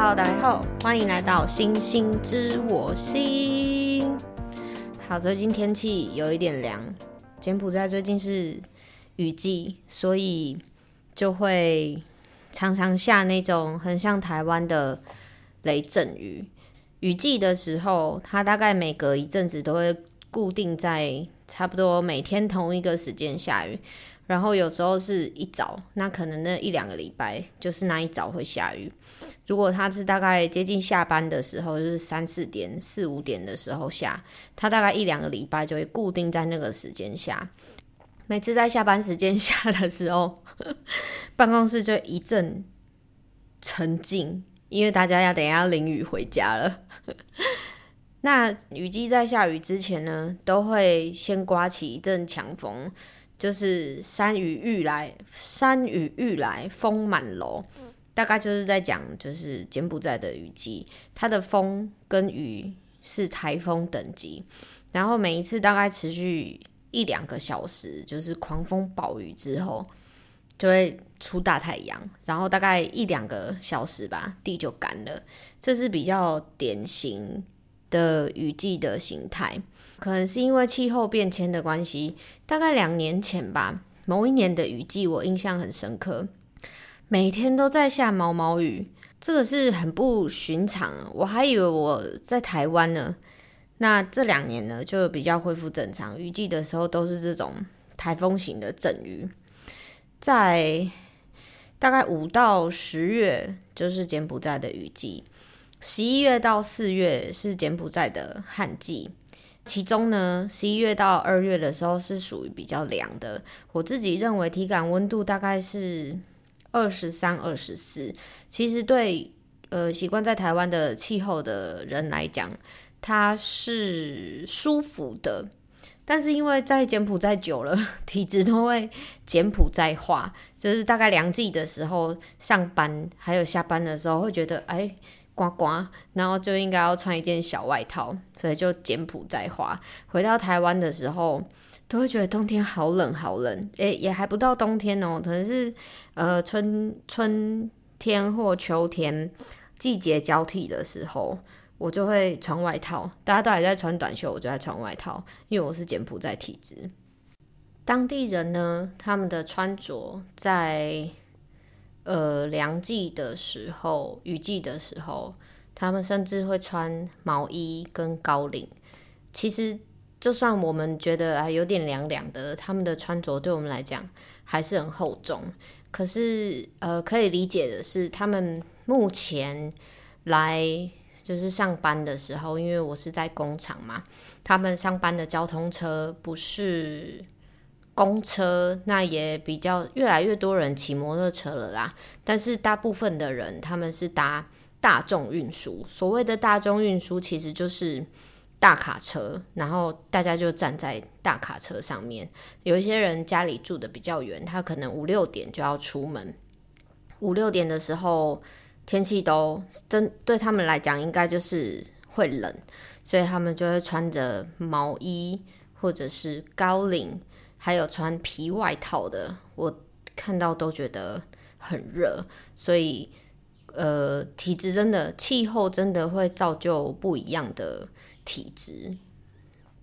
好，大家好，歡迎來到星星知我心。好，最近天氣有一點涼，柬埔寨最近是雨季，所以就會常常下那種很像台灣的雷陣雨。雨季的時候，它大概每隔一陣子都會固定在差不多每天同一個時間下雨。然後有時候是一早，那可能那一兩個禮拜就是那一早會下雨。如果它是大概接近下班的時候，就是三四點、四五點的時候下，它大概一兩個禮拜就會固定在那個時間下。每次在下班時間下的時候，辦公室就一陣沉靜，因為大家要等一下淋雨回家了。那雨季在下雨之前呢，都會先颳起一陣強風。就是山雨欲來，山雨欲來風滿樓，大概就是在講就是柬埔寨的雨季，它的風跟雨是台風等級，然後每一次大概持續一兩個小時，就是狂風暴雨之後，就會出大太陽，然後大概一兩個小時吧，地就乾了，這是比較典型的雨季的形態，可能是因為氣候變遷的關係。大概兩年前吧，某一年的雨季我印象很深刻，每天都在下毛毛雨，這個是很不尋常。我還以為我在台灣呢。那這兩年呢，就比較恢復正常，雨季的時候都是這種颱風型的陣雨，在大概五到十月，就是柬埔寨的雨季。十一月到四月是柬埔寨的旱季，其中呢，十一月到二月的時候是屬於比較涼的。我自己認為體感溫度大概是二十三、二十四，其實對呃習慣在台灣的氣候的人來講，它是舒服的。但是因為在柬埔寨久了，體質都會柬埔寨化，就是大概涼季的時候上班還有下班的時候會覺得哎。刮刮，然後就應該要穿一件小外套，所以就柬埔寨化。回到台灣的時候，都會覺得冬天好冷好冷，誒，也還不到冬天哦，可能是呃春春天或秋天季節交替的時候，我就會穿外套。大家都還在穿短袖，我就在穿外套，因為我是柬埔寨體質。當地人呢，他們的穿着在。呃，涼季的時候，雨季的時候，他們甚至會穿毛衣跟高領。其實，就算我們覺得啊有點涼涼的，他們的穿着對我們來講還是很厚重。可是，呃，可以理解的是，他們目前來就是上班的時候，因為我是在工廠嘛，他們上班的交通車不是，公車，那也比較，越來越多人騎摩托車了啦。但是大部分的人，他們是搭大眾運輸，所謂的大眾運輸其實就是大卡車，然後大家就站在大卡車上面。有一些人家裡住得比較遠，他可能五六點就要出門。五六點的時候，天氣都真對他們來講應該就是會冷，所以他們就會穿着毛衣或者是高領。還有穿皮外套的，我看到都覺得很熱，所以呃，體質真的，氣候真的會造就不一樣的體質。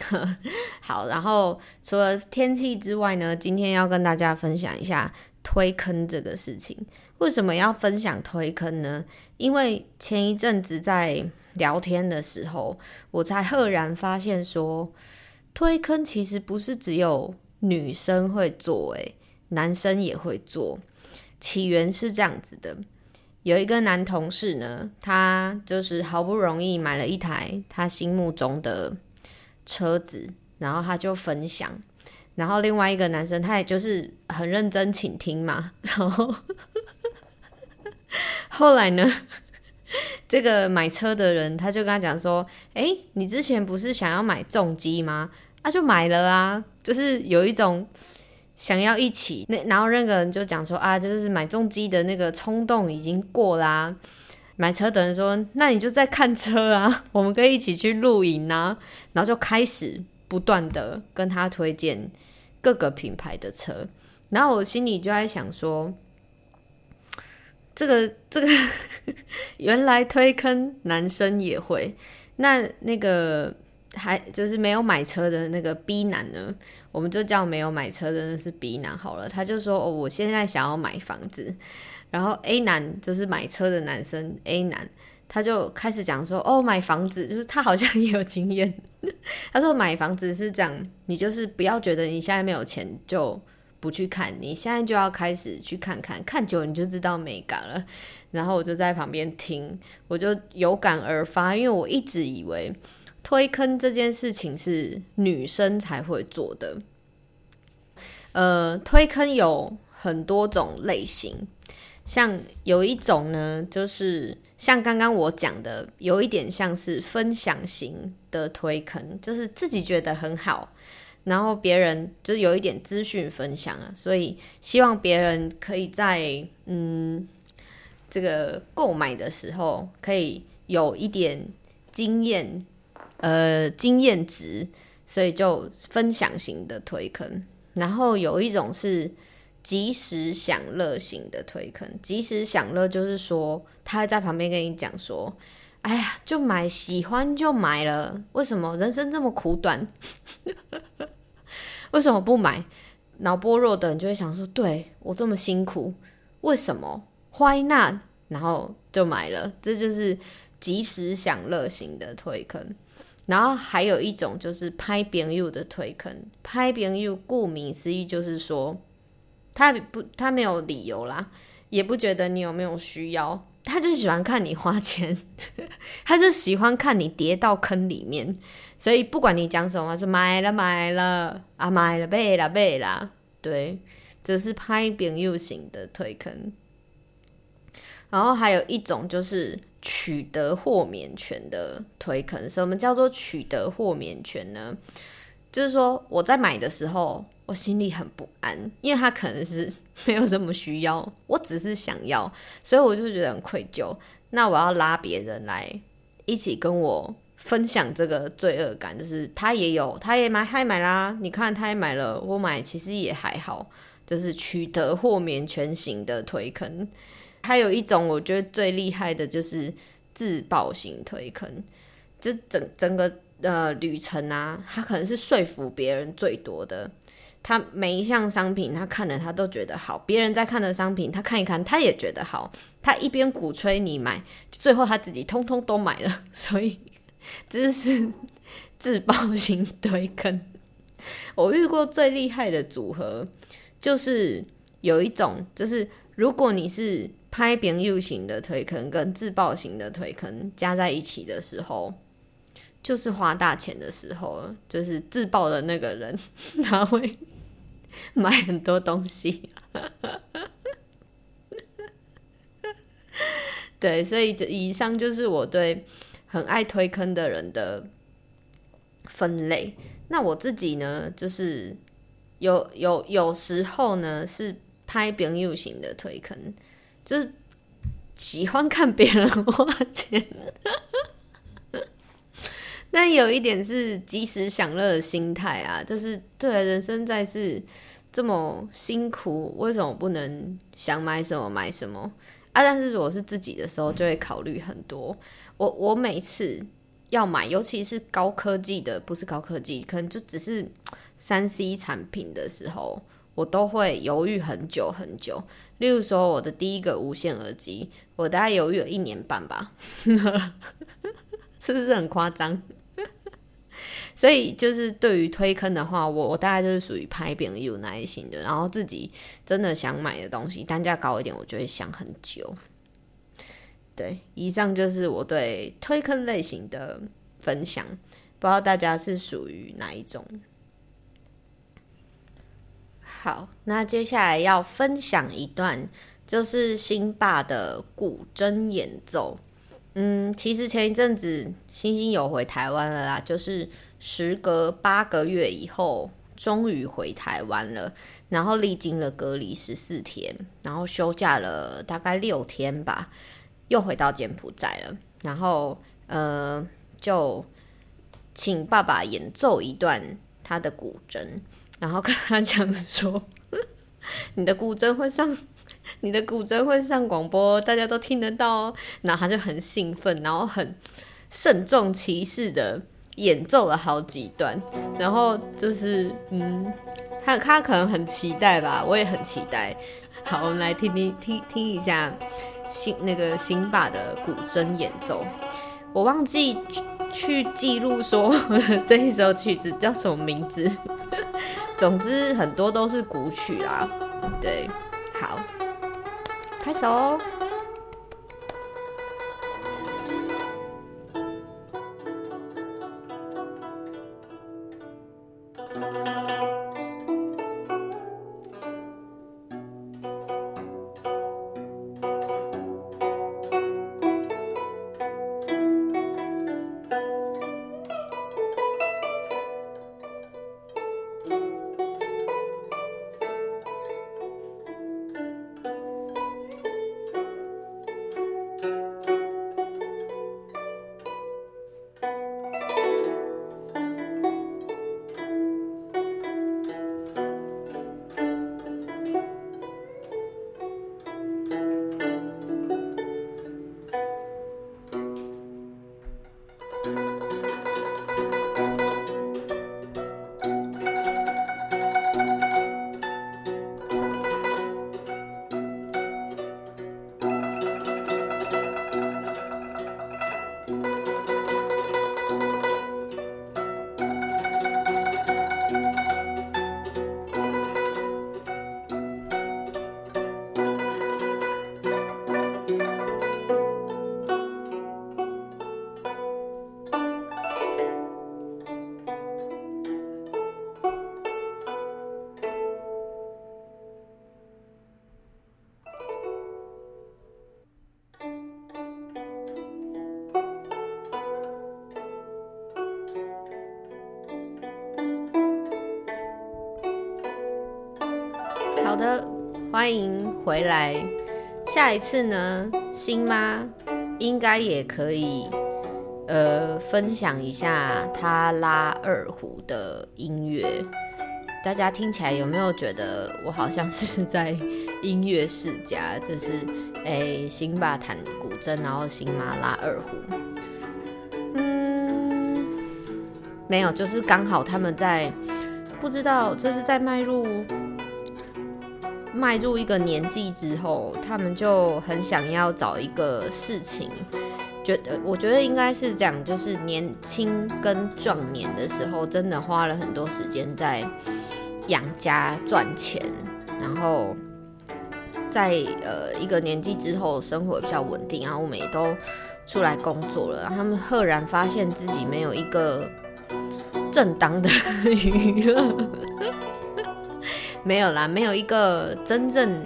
好，然後除了天氣之外呢，今天要跟大家分享一下推坑這個事情。為什麼要分享推坑呢？因為前一陣子在聊天的時候，我才赫然發現說，推坑其實不是只有女生會做，欸，男生也會做。起源是這樣子的：有一個男同事呢，他就是好不容易買了一台他心目中的車子，然後他就分享。然後另外一個男生，他也就是很認真傾聽嘛。然後 後來呢，這個買車的人他就跟他講說：“哎，你之前不是想要買重機嗎？”他、啊、就買了啊，就是有一種想要一起那，然後那個人就講說啊，就是買重機的那個衝動已經過啦、啊。買車的人說：“那你就在看車啊，我們可以一起去露營啊。”然後就開始不斷的跟他推薦各個品牌的車，然後我心裡就在想說，這個這個原來推坑男生也會那那個。還就是沒有買車的那個 B 男呢，我們就叫沒有買車的是 B 男好了。他就說：“哦，我現在想要買房子。”然後 A 男就是買車的男生，A 男他就開始講說：“哦，買房子就是他好像也有經驗。 ”他說：“買房子是這樣，你就是不要覺得你現在沒有錢就不去看，你現在就要開始去看看，看久了你就知道美感了。”然後我就在旁邊聽，我就有感而發，因為我一直以為。推坑這件事情是女生才會做的。呃，推坑有很多種類型，像有一種呢，就是像剛剛我講的，有一點像是分享型的推坑，就是自己覺得很好，然後別人就是有一點資訊分享啊，所以希望別人可以在嗯這個購買的時候可以有一點經驗。呃，經驗值，所以就分享型的推坑，然後有一種是及時享樂型的推坑。及時享樂就是說，他會在旁邊跟你講說：“哎呀，就買，喜歡就買了，為什麼人生這麼苦短？ 為什麼不買？”腦波弱的人就會想說：“對我這麼辛苦，為什麼 Why not？” 然後就買了，這就是及時享樂型的推坑。然後還有一種就是拍別人用的推坑，拍別人用，顧名思義就是說他不他沒有理由啦，也不覺得你有沒有需要，他就喜歡看你花錢，呵呵，他就喜歡看你跌到坑裡面，所以不管你講什麼話，說買了買了啊買了背了背了，了，對，這是拍別人用型的推坑。然後還有一種就是。取得豁免權的推坑，什麼叫做取得豁免權呢？就是說我在買的時候，我心裡很不安，因為他可能是沒有什麼需要，我只是想要，所以我就覺得很愧疚。那我要拉別人來一起跟我分享這個罪惡感，就是他也有，他也買，他也買，他也買啦。你看，他也買了，我買其實也還好，就是取得豁免權型的推坑。還有一種我覺得最厲害的就是自爆型推坑，就整整個呃旅程啊，他可能是說服別人最多的。他每一項商品他看了他都覺得好，別人在看的商品他看一看他也覺得好，他一邊鼓吹你買，最後他自己通通都買了。所以這是自爆型推坑。我遇過最厲害的組合就是有一種，就是如果你是。拍邊 U 型的推坑跟自爆型的推坑加在一起的時候，就是花大錢的時候，就是自爆的那個人，他會買很多東西。 對，所以以上就是我對很愛推坑的人的分類。那我自己呢，就是有有有時候呢是拍邊 U 型的推坑。就是喜歡看別人花錢， 但有一點是及時享樂的心態啊，就是對人生在世這麼辛苦，為什麼不能想買什麼買什麼啊？但是如果是自己的時候，就會考慮很多。我我每次要買，尤其是高科技的，不是高科技，可能就只是三 C 產品的時候。我都會猶豫很久很久，例如說我的第一個無線耳機，我大概猶豫了一年半吧， 是不是很誇張？所以就是對於推坑的話，我我大概就是屬於拍扁有耐心的，然後自己真的想買的東西，單價高一點，我就會想很久。對，以上就是我對推坑類型的分享，不知道大家是屬於哪一種。好，那接下來要分享一段，就是星爸的古箏演奏。嗯，其實前一陣子星星有回台灣了啦，就是時隔八個月以後，終於回台灣了。然後歷經了隔離十四天，然後休假了大概六天吧，又回到柬埔寨了。然後呃，就請爸爸演奏一段他的古箏。然後跟他講說，你的古箏會上，你的古箏會上廣播，大家都聽得到哦。然後他就很興奮，然後很慎重其事的演奏了好幾段。然後就是，嗯，他他可能很期待吧，我也很期待。好，我們來聽聽聽聽一下星，那個星爸的古箏演奏。我忘記去，去記錄說，呵呵，這一首曲子叫什麼名字。總之，很多都是古曲啦，對，好，拍手。的歡迎回來，下一次呢，星媽應該也可以呃分享一下她拉二胡的音樂，大家聽起來有沒有覺得我好像是在音樂世家？就是哎，星爸彈古箏，然後星媽拉二胡，嗯，沒有，就是剛好他們在不知道這、就是在邁入。邁入一個年紀之後，他們就很想要找一個事情，覺得我覺得應該是這樣，就是年輕跟壯年的時候，真的花了很多時間在養家賺錢，然後在呃一個年紀之後，生活比較穩定，然後我們也都出來工作了，然後他們赫然發現自己沒有一個正當的娛樂。沒有啦，沒有一個真正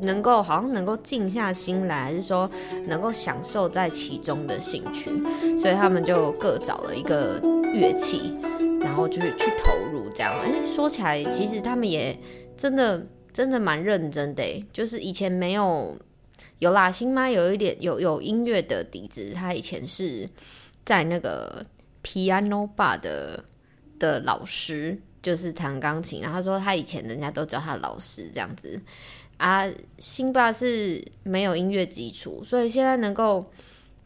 能夠好像能夠靜下心來，還是說能夠享受在其中的興趣，所以他們就各找了一個樂器，然後就是去投入這樣。哎，說起來，其實他們也真的真的蠻認真的，欸，就是以前沒有，有啦，星媽有一點有有音樂的底子，她以前是在那個 piano bar 的的老師。就是彈鋼琴，然後他說他以前人家都叫他老師這樣子啊。星爸是沒有音樂基礎，所以現在能夠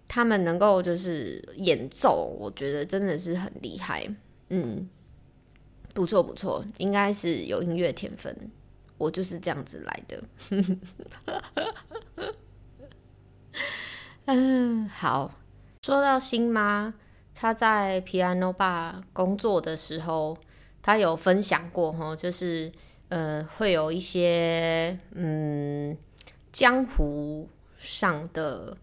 他們能夠就是演奏，我覺得真的是很厲害。嗯，不錯不錯，應該是有音樂天分。我就是這樣子來的。嗯， 好，說到星媽，她在 piano bar 工作的時候。他有分享過吼，就是呃，會有一些嗯江湖上的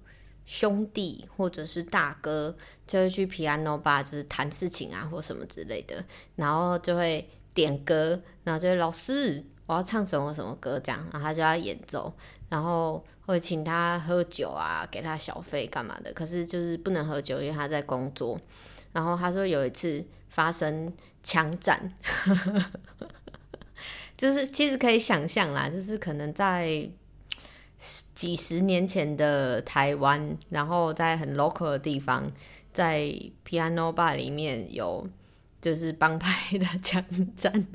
兄弟或者是大哥，就會去 piano bar 就是談事情啊或什麼之類的，然後就會點歌，然後就是老師，我要唱什麼什麼歌這樣，然後他就要演奏，然後會請他喝酒啊，給他小費幹嘛的，可是就是不能喝酒，因為他在工作。然後他說有一次。發生槍戰， 就是其實可以想象啦，就是可能在十幾十年前的台灣，然後在很 local 的地方，在 piano bar 裡面有就是幫派的槍戰，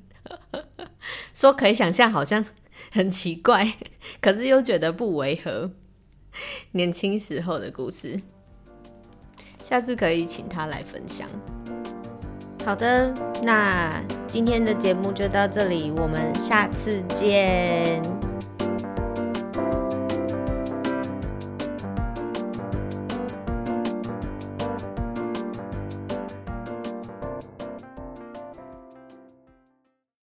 說可以想象，好像很奇怪，可是又覺得不違和。 年輕時候的故事，下次可以請他來分享。好的，那今天的節目就到這裡，我們下次見。